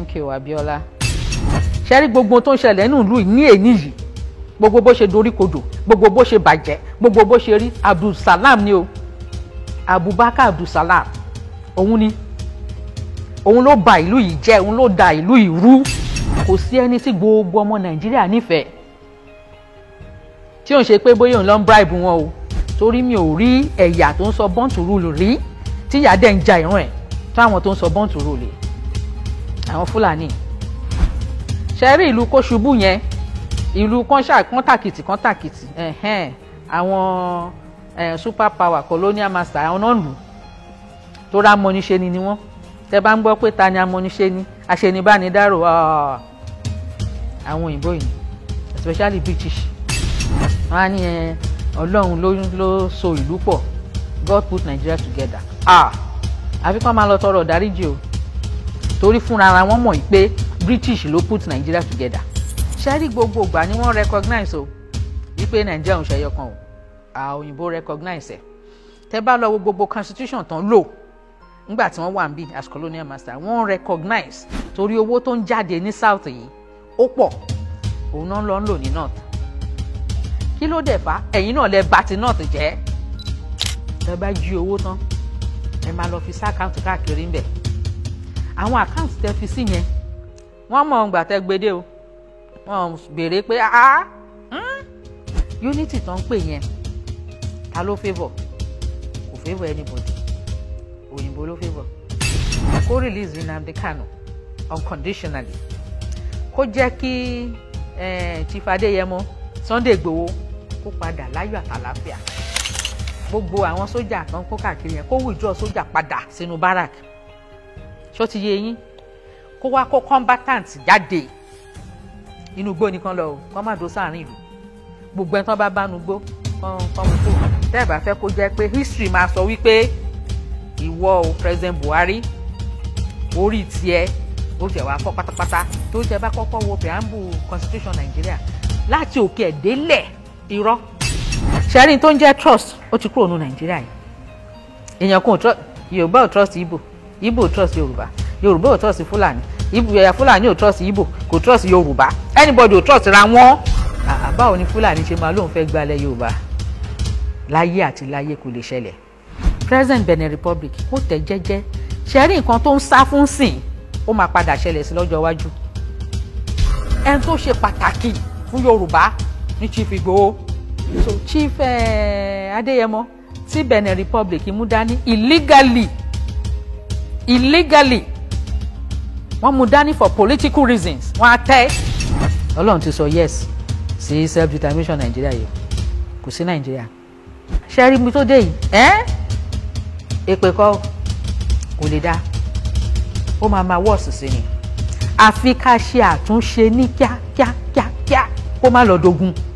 MKO Abiola ṣe rí gbogbo tó ń ṣẹlẹ̀ nínú ìlú yìí ní èyí yìí gbogbo bó ṣe dorí kodò gbogbo bó ṣe bàjẹ́ gbogbo bó ṣe rí Abdulsalam ni o Abubakar Abdulsalam òun ni òun ló ba ìlú yìí jẹ́ òun ló da ìlú yìí rú kò sí ẹni tí gbogbo ọmọ Nàìjíríà nífẹ̀ẹ́ tí òun ṣe pé bóyá òun lọ ń bribe wọn o torí mi ò rí ẹ̀yà tó ń sọ bọ́ǹtù rúlù rí tíyà dẹ̀ ń ja ìran ẹ̀ táwọn tó ń sọ bọ́ǹtù rúlù rí àwọn fúlàní ṣe rí ìlú kóṣubú yẹn ìlú kọ́ńṣà kọ́ńtàkìtì kọ́ńtàkìtì àwọn super power colonial master àwọn náà lù tó rá amọ̀niṣe ni ni wọ́n tẹ bá ń gbọ́ pé ta ni amọ̀niṣe ni àwọn òyìnbó yìí especially british wọ́n á ní ẹ ọlọ́run ló ló so ìlú pọ̀ god put nigeria together ah àfikún máa lọ tọrọ dáríjì o torí fúnra wọn mọ̀ pé British ló put Nigeria together ṣẹ́rí gbogbo ìgbà ni wọ́n recognize o wípé Nigeria ń ṣẹyọ kan o òyìnbó recognize ẹ̀ tẹ́ bá lọ wo gbogbo constitution tán lò nígbà tí wọ́n wà ń bí as colonial master wọ́n recognize torí owó tó ń jáde ní south yìí ó pọ̀ òun náà lọ ń lò ní north kí ló dẹ̀ fà ẹ̀yin náà lẹ bá ti north jẹ́ tẹ́ bá jí owó tán ẹ máa lọ fi sáà káàtó káàkiri ń bẹ̀ àwọn àkáǹtì tẹ fi sí yẹn wọ́n mọ̀ ọ̀gbà tẹ gbede o wọ́n béèrè pé ah unity tó ń pè yẹn ta ló favour kò favour anybody òyìnbó ló favour kó release Nnamdi Kanu unconditionally kó jẹ́ kí Chief Adéyẹmọ Sunday Igboho kó padà láyọ̀ àtàlàfíà gbogbo àwọn sójà tó ń kó káàkiri yẹn kó wùjọ sójà padà sínú barak ṣó ti yé yín kó wá kó combatant jáde inú igbó nìkan lọ kó má dó sáàrin ìlú gbogbo ẹni tó bá bá nu gbó kọ́mú kò tẹ́ ẹ̀ bá fẹ́ kó jẹ́ pé history máa sọ wípé ìwọ o president Buhari orí tiẹ̀ ó jẹ́ wàá fọ́ pátápátá tó jẹ́ bá kọ́kọ́ wo preamble constitution Nigeria láti òkè ẹ̀ délẹ̀ irọ́ sẹ́rin tó ń jẹ́ trust ó ti kúrò ní Nàìjíríà yìí èèyàn kan trust Yorùbá ò trust Igbo Igbo trust Yorùbá yorùbá ò trust fúlàní fúlàní ò trust ibo kò trust yorùbá anybody ò trust ra wọn àbáwo ni fúlàní ṣe máa lóun fẹ́ gbalẹ̀ yorùbá láyé àti láyé kò lè ṣẹlẹ̀ president benin republic ó tẹ̀ jẹ́jẹ́ ṣe rí nǹkan tó ń sá fún sìn ó máa padà ṣẹlẹ̀ sí lọ́jọ́ iwájú ẹni tó ṣe pàtàkì fún yorùbá ní chief Igboho so chief Adeyemo, eh, Adéyẹmọ tí benin republic mú dání illegally illegally wọ́n mú dání for political reasons wọ́n á tẹ́. ọlọ́run ti sọ yes sí self determination nàìjíríà yìí kò sí nàìjíríà ṣe rí mi tó dé yìí ẹ́ èpè kọ́ kò lè dá ó máa máa wọ́ọ̀sì sí ni àfi ká ṣe àtúnṣe ní kíákíákíá kó má lọ dogun.